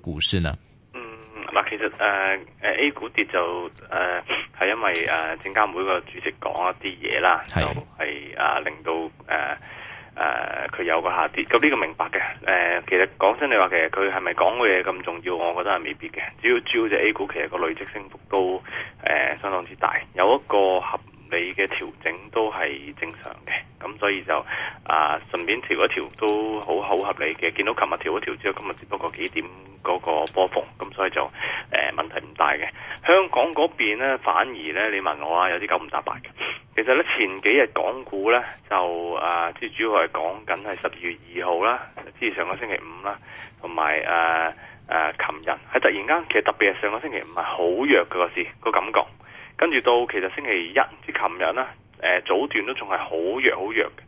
股市呢？嗯，嗱，其實誒誒、呃、A 股跌就誒係、呃、因為誒證監會個主席講一啲嘢啦，就係啊令到誒誒佢有個下跌，咁、這、呢個明白嘅。誒、呃，其實講真你話，其實佢係咪講嘅嘢咁重要？我覺得係未必嘅。主要主要就 A 股其實個累積升幅都誒、呃、相當之大，有一個合理嘅調整都係正常嘅。咁所以就啊，順便調一調都好好合理嘅。見到琴日調一調之後，今日只不過幾點嗰個波幅，咁所以就誒、呃、問題唔大嘅。香港嗰邊呢，反而呢，你問我啊，有啲九唔搭八嘅。其實呢，前幾日港股呢，就啊，即係主要係講緊係十二月二號啦，即係上個星期五啦，同埋誒誒琴日係突然間，其實特別係上個星期五係好弱嘅個市個感覺。跟住到其實星期一至琴日啦誒、呃、早段都仲係好弱好弱嘅，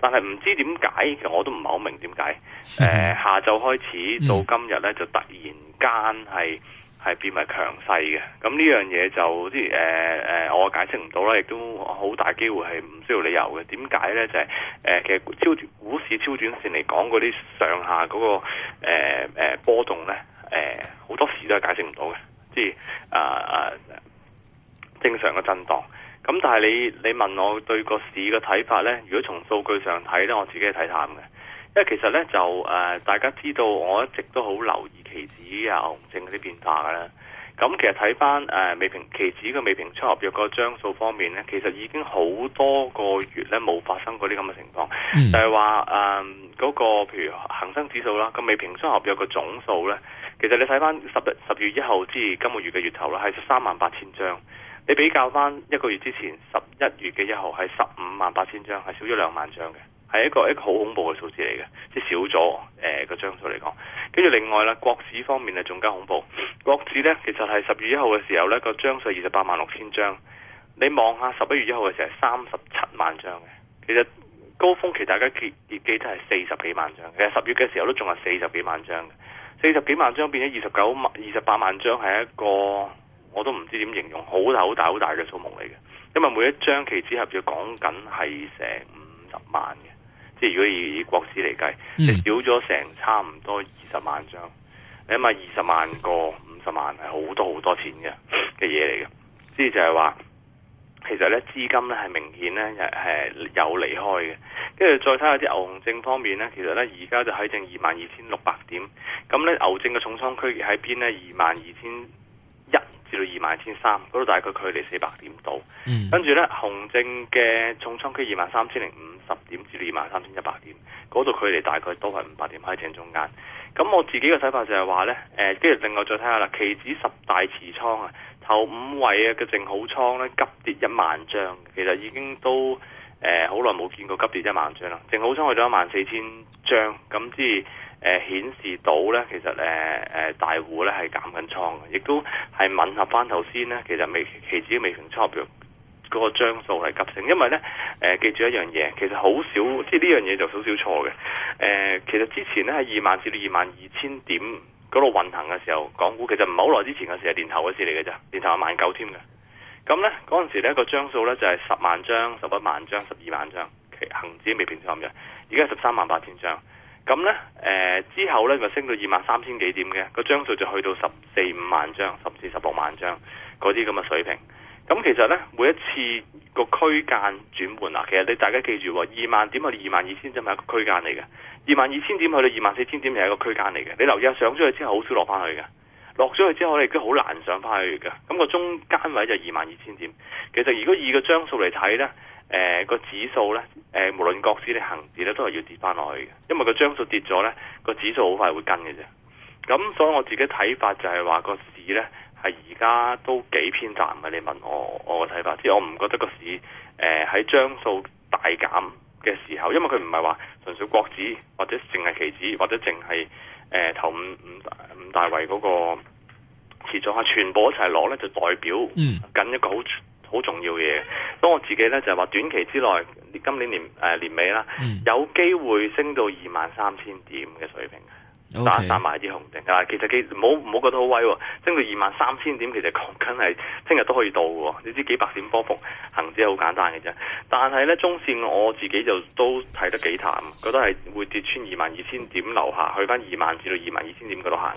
但係唔知點解，其實我都唔係好明點解。誒、呃、下晝開始到今日咧，就突然間係係變為強勢嘅。咁呢、嗯、是樣嘢就即係誒、呃呃、我解釋唔到啦，亦都好大機會係唔需要理由嘅。點解咧？就係、是、誒、呃，其實超轉股市超短線嚟講，嗰啲上下嗰、那個誒、呃呃、波動咧，誒、呃、好多時都係解釋唔到嘅，即係啊正常嘅震盪。咁但係你你問我對個市嘅睇法呢，如果從數據上睇呢，我自己係睇淡嘅，因為其實呢，就誒、呃、大家知道我一直都好留意期指啊、牛熊證嗰啲變化㗎啦。咁、嗯、其實睇翻誒未平期指嘅未平出合約個張數方面呢，其實已經好多個月呢冇發生過啲咁嘅情況，嗯、就係話誒嗰個譬如恒生指數啦，個未平出合約嘅總數呢，其實你睇翻十十月一號至今個月嘅月頭啦，係三萬八千張。你比較翻一,一個月之前十一月嘅一號係十五萬八千張，係少咗兩萬張嘅，係一個一個好恐怖嘅數字嚟嘅，即、就、係、是、少咗誒個張數嚟講。跟、呃、住另外啦，國指方面係仲加恐怖。國指呢，其實係十月一號嘅時候呢個張數二十八萬六千張，你望下十一月一號嘅時候係三十七萬張嘅。其實高峰期大家記記得都係四十幾萬張，其實十月嘅時候都仲係四十幾萬張嘅，四十幾萬張變咗二十九萬二十八萬張係一個。我都唔知點形容，好大好大好大嘅數目嚟嘅，因為每一張期指合約講緊係成五十萬嘅，即係如果以國指嚟計，少咗成差唔多二十萬張，你諗下二十萬個五十萬係好多好多錢嘅嘅嘢嚟嘅，即係就係話其實呢資金呢係明顯呢係有離開嘅，跟住再睇下啲牛熊證方面呢，其實呢而家就喺正二萬二千六百點，咁呢牛證嘅重倉區喺邊呢？二萬二千。至到二萬一千三，嗰度大概距離四百點度。嗯，跟住呢，紅證嘅重倉區二萬三千零五十點至到二萬三千一百點，嗰度距離大概都係五百點喺正中間。咁我自己嘅睇法就係話呢。誒、呃，跟住另外再睇下啦，期指十大持倉啊，頭五位嘅正好倉呢急跌一萬張，其實已經都好耐冇見過急跌一萬張啦。正好倉去到一萬四千張，咁即係。誒、呃，顯示到咧，其實呢，誒，誒，大戶咧係減緊倉嘅，亦都係吻合翻頭先咧。其實未，未期指未平倉量嗰個張數係急升，因為咧，誒、呃，記住一樣嘢，其實好少，即係呢樣嘢就少少錯嘅。誒、呃，其實之前咧喺二萬至到二萬二千點嗰度運行嘅時候，港股其實唔係好耐之前嘅事，係年頭嘅事嚟嘅咋。年頭係萬九添嘅。咁咧，嗰陣時咧個張數咧就係、是、十萬張、十一萬張、十二萬張，期恆指未平倉量，而家十三萬八千張。咁呢誒、呃、之後呢，咪升到二萬三千幾點嘅個張數就去到十四五萬張，十至十六萬張嗰啲咁嘅水平。咁其實呢，每一次個區間轉換啊，其實你大家記住，二萬點去到二萬二千點係一個區間嚟嘅，二萬二千點去到二萬四千點又係一個區間嚟嘅。你留意一下，上咗去之後好少落翻去嘅，落咗去之後你都好難上翻去嘅。咁、個中間位就二萬二千點。其實如果以個張數嚟睇呢。誒個、呃、指數咧，誒、呃、無論國指你恆指咧，都係要跌翻落去嘅，因為個張數跌咗咧，個指數好快會跟嘅啫。咁所以我自己睇法就係話個市咧，係而家都幾偏淡嘅。你問我我嘅睇法，即係我唔覺得個市誒喺、呃、張數大減嘅時候，因為佢唔係話純粹國指或者淨係期指或者淨係誒頭五五五大位嗰個持續下全部一齊落咧，就代表緊一個好好重要嘅嘢，當我自己咧就係話短期之內，今年年、呃、年尾啦，嗯、有機會升到二萬三千點嘅水平，散 Okay 一散埋啲紅點。啊，其實好唔好覺得好威喎，升到二萬三千點，其實講緊係聽日都可以到喎。你知幾百點波幅，行之係好簡單嘅啫。但係咧，中線我自己就都睇得幾淡，覺得係會跌穿二萬二千點樓下去翻二萬至到二萬二千點嗰度行。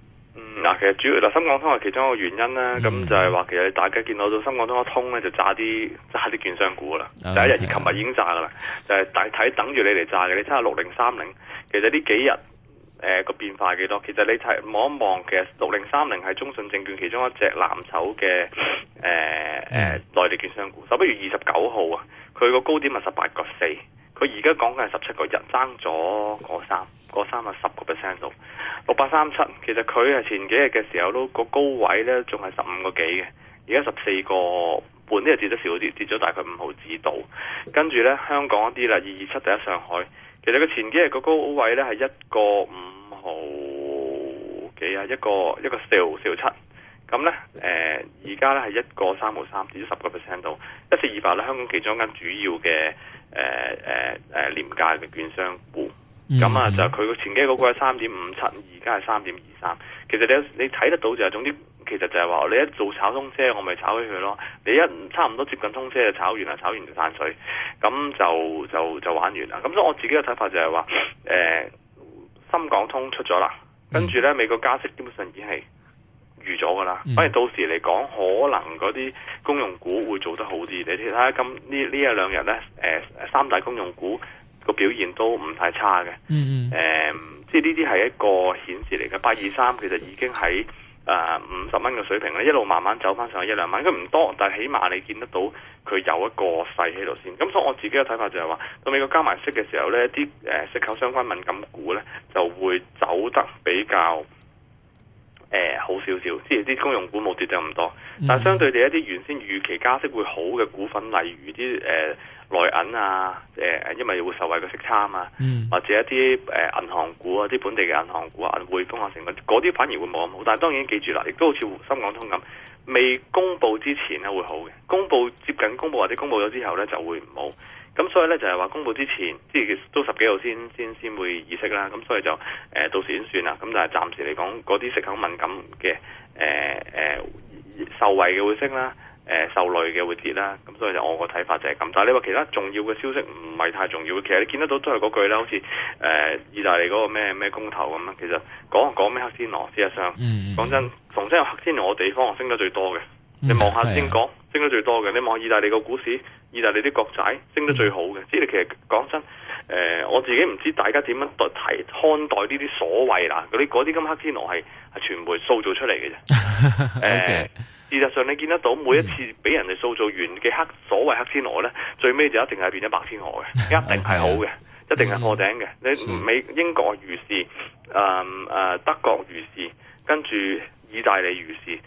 其實主要嗱，深港通係其中一個原因啦。咁、mm hmm. 就係話，其實大家見到到深港通一通咧，就炸啲炸啲券商股啦。第一日而琴日已經炸噶啦，Okay. 就係大體等住你嚟炸嘅。你睇下六零三零，其實呢幾日誒、呃、個變化幾多？其實你睇望一望，其實六零三零係中信證券其中一隻藍籌嘅誒誒內地券商股。十一月二十九號啊，佢個高點係十八個四。佢而家講緊係十七個日，爭咗個三，個三係十個 percent 度，六百三七。其實佢係前幾日嘅時候都個高位呢，仲係十五個幾嘅。而家十四個半呢，就跌得少啲，跌咗大概五毫子度。跟住呢，香港嗰啲啦，二二七第一上海，其實佢前幾日個高位呢，係一個五毫幾啊，一個一個四毫四七。咁呢，誒而家呢，係一個三毫三，跌咗十個 percent 度。一四二八呢，香港其中一間主要嘅。誒誒誒廉價嘅券商股，咁啊、嗯、就佢嘅前期嗰個係三點五七，而家係三點二三。其實你你睇得到就係、是、總之，其實就係話你一做炒通車，我咪炒起佢咯。你一差唔多接近通車就炒完啦，炒完就散水。咁就就就玩完啦。咁所以我自己嘅睇法就係、是、話，誒、呃、深港通出咗啦，跟住呢美國加息基本上已經係。預咗噶啦，反而到時嚟講，可能嗰啲公用股會做得好啲。你睇下今呢呢一兩日呢，三大公用股個表現都唔太差嘅。誒、mm，即係呢啲係一個顯示嚟嘅。八二三其實已經喺啊五十蚊嘅水平咧，一路慢慢走翻上一兩蚊。佢唔多，但係起碼你見得到佢有一個勢喺度先。咁所以我自己嘅睇法就係、是、話，到美國加埋息嘅時候呢啲石息口相關敏感股呢就會走得比較。誒、呃、好少少，即係啲公用股冇跌得咁多，但係相對地一啲原先預期加息會好嘅股份，例如啲誒、呃、內銀啊，誒、呃、因為會受惠個息差啊嘛，嗯、或者一啲誒、呃、銀行股啊，啲本地嘅銀行股啊，匯豐啊成嗰啲，嗰啲反而會冇咁好。但係當然記住啦，亦都好似深港通咁，未公佈之前咧會好嘅，公佈接近公佈或者公佈咗之後咧就會唔好。咁所以咧就係、是、話公佈之前，即係都十幾號先先先會意識啦。咁所以就、呃、到時先算啦。咁但係暫時嚟講，嗰啲食口敏感嘅誒誒受惠嘅會升啦，誒、呃、受累嘅會跌啦。咁所以就我個睇法就係咁。但係你話其他重要嘅消息唔係太重要嘅，其實你見得到都係嗰句啦，好似誒意大利嗰個咩咩公投咁，其實講講咩黑天鵝，事實上嗯、講真，逢真有黑天鵝地方升得最多嘅。你望下先講，升得最多嘅，你望意大利個股市。意大利啲國債升得最好嘅，即係、嗯、其實講真、呃，我自己唔知大家點樣睇看待呢啲所謂啦，嗰啲嗰啲咁黑天鵝係係傳媒塑造出嚟嘅啫。事實上你見得到每一次俾人哋塑造完嘅黑所謂黑天鵝呢，最尾就一定係變咗白天鵝嘅， 一定係好嘅， 一定係破頂嘅。嗯、你美英國如是、嗯呃，德國如是，跟住意大利如是。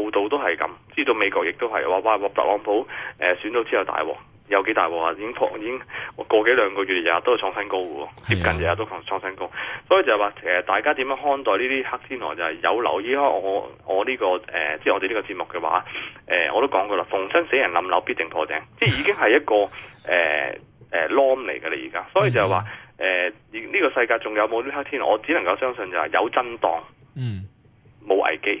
到度都係咁，知道美國亦都係話哇，特朗普誒選到之後大鑊，有幾大鑊，已經破，已經過幾兩個月日日都係創新高喎，接近日日都創創新高，所以就係話大家點樣看待呢啲黑天鵝就係有留意開我我呢個誒，即係我哋呢個節目嘅話，誒我都講過啦，逢親死人冧樓必定破頂，即係已經係一個誒誒 law 嚟嘅啦而家，所以就係話誒呢個世界仲有冇呢啲黑天鵝？我只能夠相信就係有震盪，嗯，冇危機。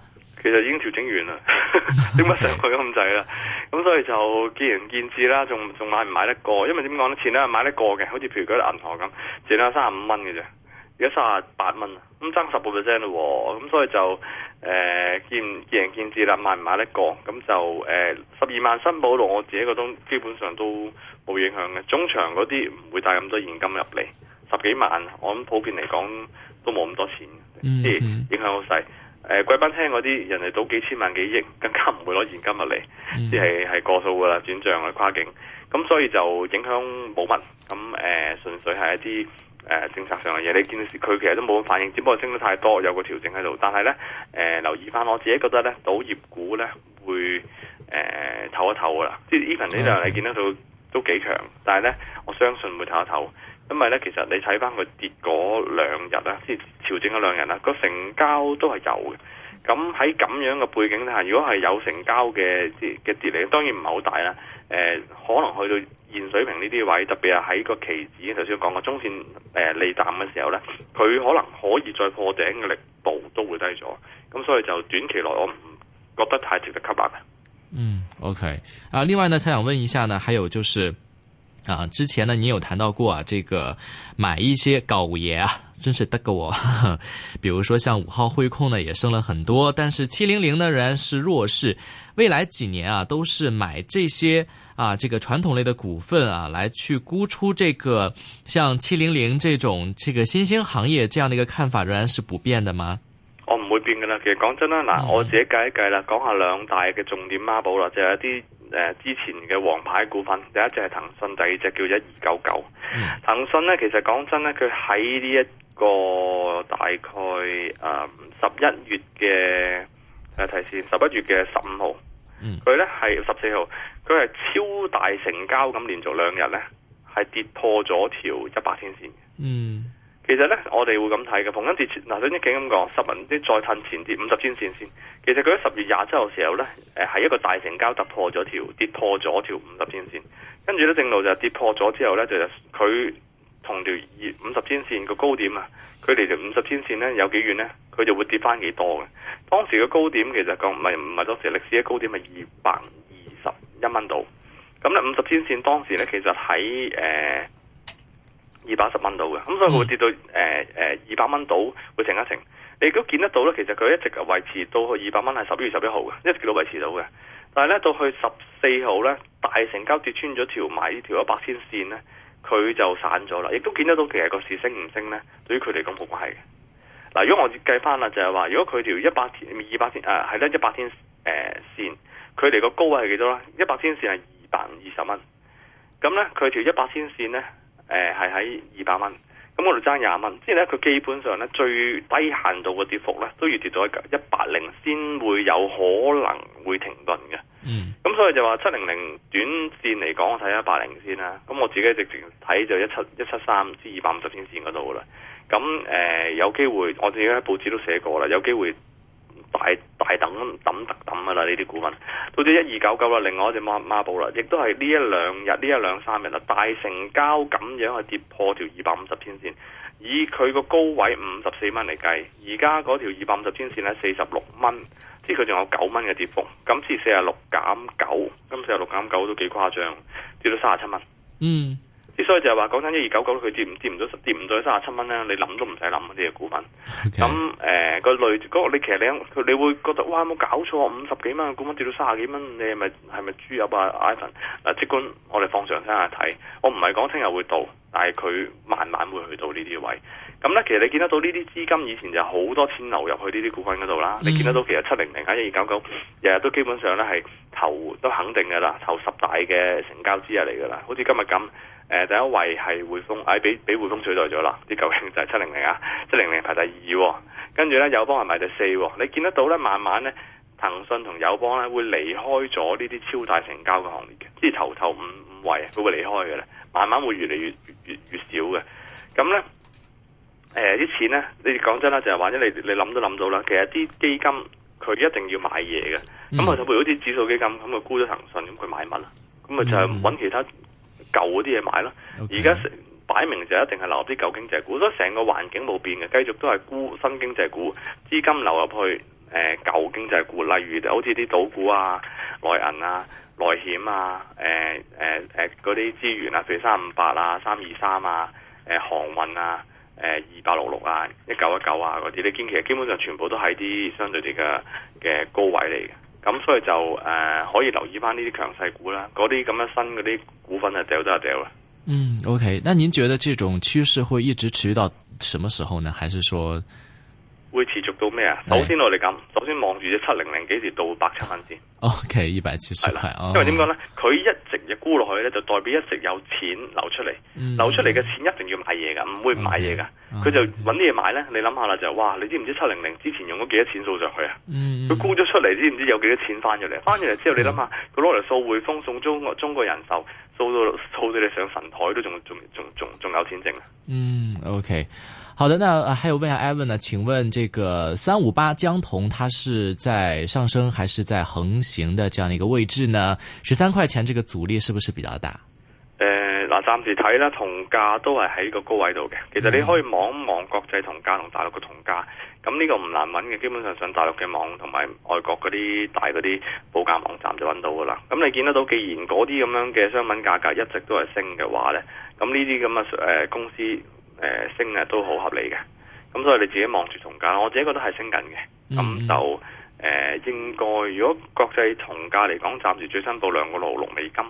其實已經調整完啦，Okay. 呵呵點解上佢咁滯啦，咁所以就見仁見智啦，仲仲買唔買得過？因為點講呢，錢都係買得過嘅，好似譬如嗰啲銀行咁，淨係三十五蚊嘅啫，而家三十八蚊，咁爭十個 percent 咯，咁、哦、所以就誒見見仁見智啦，買唔買得過？咁就誒十二萬新保度，我自己覺得基本上都冇影響嘅，中場嗰啲唔會帶咁多現金入嚟，十幾萬，我諗普遍嚟講都冇咁多錢，即係、mm hmm. 影響好細。誒、呃、貴賓廳嗰啲人哋賭幾千萬幾億，更加唔會攞現金入嚟，即係係過數噶啦，轉賬去跨境，咁所以就影響冇乜，咁誒、呃、純粹係一啲誒、呃、政策上嘅嘢。你見到佢其實都冇反應，只不過升得太多，有個調整喺度。但係呢，誒、呃、留意翻，我自己覺得呢，賭業股呢會誒唞、呃、一唞噶啦，即係 even 呢樣你見得到都幾強，但係呢，我相信會唞一唞。因為咧，其實你睇翻佢跌嗰兩日啦，即係調整咗兩日啦，個成交都係有嘅。咁喺咁樣嘅背景下，如果係有成交嘅，即嘅跌嚟，當然唔係好大啦。誒、呃，可能去到現水平呢啲位，特別係喺個期指頭先講嘅中線誒利、呃、淡嘅時候咧，佢可能可以再破頂嘅力度都會低咗。咁所以就短期內我唔覺得太值得吸引。嘅、嗯。嗯，OK。啊，另外呢，想問一下呢，還有就是。啊，之前呢，你有談到過啊，這個買一些高息嘢啊，真是得個我呵呵，比如說像五號匯控呢，也升了很多，但是七零零呢，仍然是弱勢。未來幾年啊，都是買這些啊，這個傳統類的股份啊，來去沽出這個像七零零這種這個新興行業這樣的一個看法，仍然是不變的嗎？我唔會變嘅啦，其實講真啦，嗱，嗯、我自己計一計啦，講下兩大嘅重點孖寶啦，就係、是、一啲。呃、之前嘅黃牌股份，第一隻係騰訊，第二隻叫一二九九。騰訊呢，其實講真呢，佢喺呢一個大概十一、嗯、月嘅、啊、提示，十一月嘅十五號，佢、嗯、呢係十四號，佢係超大成交咁連續兩日呢係跌破咗條一百天線嘅嗯。其實咧，我哋會咁睇嘅。逢陰跌穿，嗱，呢啲幾咁講，十文啲再探前跌五十天線先。其實佢喺十月廿七號時候咧，誒，係一個大成交突破咗條，跌破咗條五十天線。跟住咧，正路就跌破咗之後咧，就佢同條二五十天線個高點啊，佢離條五十天線咧有幾遠咧？佢就會跌翻幾多嘅。當時個高點其實講唔係唔係當時歷史嘅高點，係二百二十一蚊度。咁咧五十天線當時咧，其實喺誒。呃二百一十蚊到嘅，咁所以會跌到誒誒二百蚊到會停一停，你都見得到咧。其實佢一直維持到去二百蚊係十月十一號嘅，一直都維持到嘅。但係咧到去十四號咧，大成交跌穿咗條買呢條一百天線咧，佢就散咗啦。亦都見得到其實個市升唔升咧，對於佢哋咁冇關係嘅。嗱，如果我計翻啦，就係話如果佢條一百天二百千誒係咧一百天誒線，佢哋個高位係幾多啦？一百天線係二百二十蚊，咁咧佢條一百天線咧。誒係喺二百蚊，咁我就爭廿蚊，即係咧佢基本上咧最低限度嘅跌幅咧都要跌到一一八零先會有可能會停頓嘅。嗯，咁所以就話七零零短線嚟講，我睇一八零先啦。咁我自己直情睇就一七一七三至二百五十天線嗰度噶啦。咁誒、呃、有機會，我自己喺報紙都寫過啦，有機會。大大等等特抌噶啦，呢啲股份到咗一二九九啦，另外一隻孖孖寶啦，亦都係呢一兩日呢一兩三日啦，大成交咁樣去跌破條二百五十天線，以佢個高位五十四蚊嚟計，而家嗰條二百五十天線呢四十六蚊，即係佢仲有九蚊嘅跌幅，今次四十六減九，今四十六減九都幾誇張，跌到三十七蚊。嗯。之所以就係話講緊一二九九，佢跌唔跌唔到跌唔到三十七蚊咧，你諗都唔使諗嗰啲嘅股份。咁誒 Okay.，個、呃、類嗰、那個你其實你，你會覺得哇冇搞錯，五十幾蚊嘅股份跌到卅幾蚊，你係咪係咪豬入啊？Ivan，嗱，即管我哋放長線睇，我唔係講聽日會到。但係佢慢慢會去到呢啲位，咁呢，其實你見得到呢啲資金以前就好多錢流入去呢啲股份嗰度啦。嗯、你見得到其實七零零啊、一二九九，日日都基本上呢係頭都肯定㗎啦，頭十大嘅成交之日嚟㗎啦。好似今日咁，第一位係匯豐，唉、啊，俾俾匯豐取代咗啦，啲舊興就係七零零啊，七零零排第二、哦，跟住呢，友邦係排第四、哦。你見得到呢，慢慢呢，騰訊同友邦呢會離開咗呢啲超大成交嘅行列嘅，即係頭頭五。位佢會離開嘅喇，慢慢會越嚟越越越，越少嘅。咁咧，誒啲錢咧，你講真啦，就係或者你你諗都諗到啦。其實啲基金佢一定要買嘢嘅。咁啊、嗯，就譬如好似指數基金，咁佢沽咗騰訊，咁佢買乜啊？咁咪就係揾其他舊啲嘢買咯。而家擺明就一定係流入啲舊經濟股，所以成個環境冇變嘅，繼續都係沽新經濟股，資金流入去。誒舊經濟股，例如好似啲賭股啊、內銀啊、內險啊、誒誒誒嗰啲資源啊，譬如三五八啊、三二三啊、誒、呃、航運啊、誒二八六六啊、一九一九啊嗰啲，你見其實基本上全部都係啲相對啲嘅嘅高位嚟嘅，咁所以就誒、呃、可以留意返呢啲強勢股啦，嗰啲咁樣新嗰啲股份就掉得啊掉啦。丟丟嗯，OK，那您覺得這種趨勢會一直持續到什麼時候呢？還是說？會持續到咩啊？首先我哋噉，的首先望住隻七零零幾時到百七蚊先。O K，一百七十塊啊。的哦、因為點講咧？佢一直嘅沽落去咧，就代表一直有錢流出嚟。嗯、流出嚟嘅錢一定要買嘢噶，唔、嗯、會唔買嘢噶。佢、嗯、就揾啲嘢買咧。你諗下啦，就是、哇！你知唔知七零零之前用咗幾多錢掃上去啊？嗯。佢沽咗出嚟，知唔知有幾多錢翻咗嚟？翻咗嚟之後你想想，你諗下，佢攞嚟掃匯豐、送中中國、中國人壽，掃到掃到，到你上神台都仲仲仲仲仲，仲，仲有錢剩啊、嗯！嗯，O K。Okay. 好的，那還有問下 Evan 呢？請問這個三五八江銅，它是在上升還是在橫行的這樣的一個位置呢？十三塊錢這個阻力是不是比較大？誒、呃，嗱，暫時睇啦，銅價都係喺個高位度嘅。其實你可以望一望國際銅價同價大陸嘅銅價，咁呢、嗯、個唔難揾嘅。基本上上大陸嘅網同埋外國嗰啲大嗰啲報價網站就揾到噶啦。咁你見得到，既然嗰啲咁樣嘅商品價格一直都係升嘅話呢，咁呢啲咁嘅誒公司。誒，升啊都好合理嘅，咁所以你自己望住同價，我自己覺得係升緊嘅，咁、嗯、就誒、呃、應該。如果國際同價嚟講，暫時最新報兩個六六美金，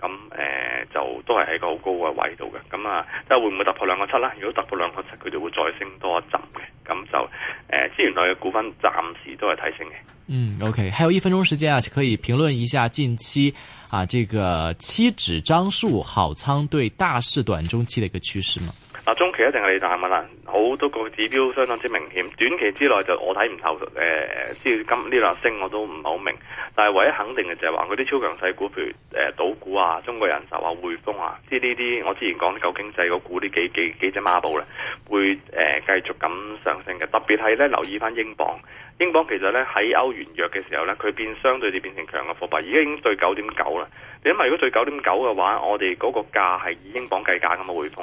咁誒、呃、就都係喺個好高嘅位度嘅。咁啊，即係會唔會突破兩個七啦？如果突破兩個七，佢哋會再升多一浸嘅。咁就誒、呃，資源類嘅股份暫時都係睇升嘅。嗯，OK，還有一分鐘時間啊，可以評論一下近期啊，這個期指張數好倉對大市短中期嘅一個趨勢嗎？中期一定係利淡嘅啦，好多個指標相當之明顯。短期之內就我睇唔透，誒、呃，即係今呢個升我都唔係好明。但係唯一肯定嘅就係話，嗰啲超強勢股，譬如誒，賭、呃、股啊，中國人壽話、啊、匯豐呀、啊，即係呢啲，我之前講舊經濟個股啲幾幾幾隻孖寶啦，會、呃、繼續咁上升嘅。特別係留意返英鎊，英鎊其實咧喺歐元弱嘅時候咧，佢變相對地變成強嘅貨幣，已經對九點九啦。因為如果對九點九嘅話，我哋嗰個價係以英鎊計價咁啊，匯豐。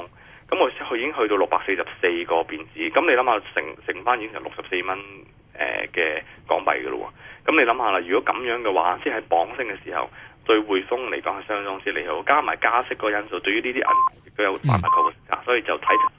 咁我佢已經去到六百四十四個便士，咁你諗下，成剩翻已經成六十四蚊誒嘅港幣噶咯喎，咁你諗下啦，如果咁樣嘅話，先係磅升嘅時候，對匯豐嚟講係相當之利好，加埋加息個因素，對於呢啲銀行亦都有買賣購嘅，所以就睇。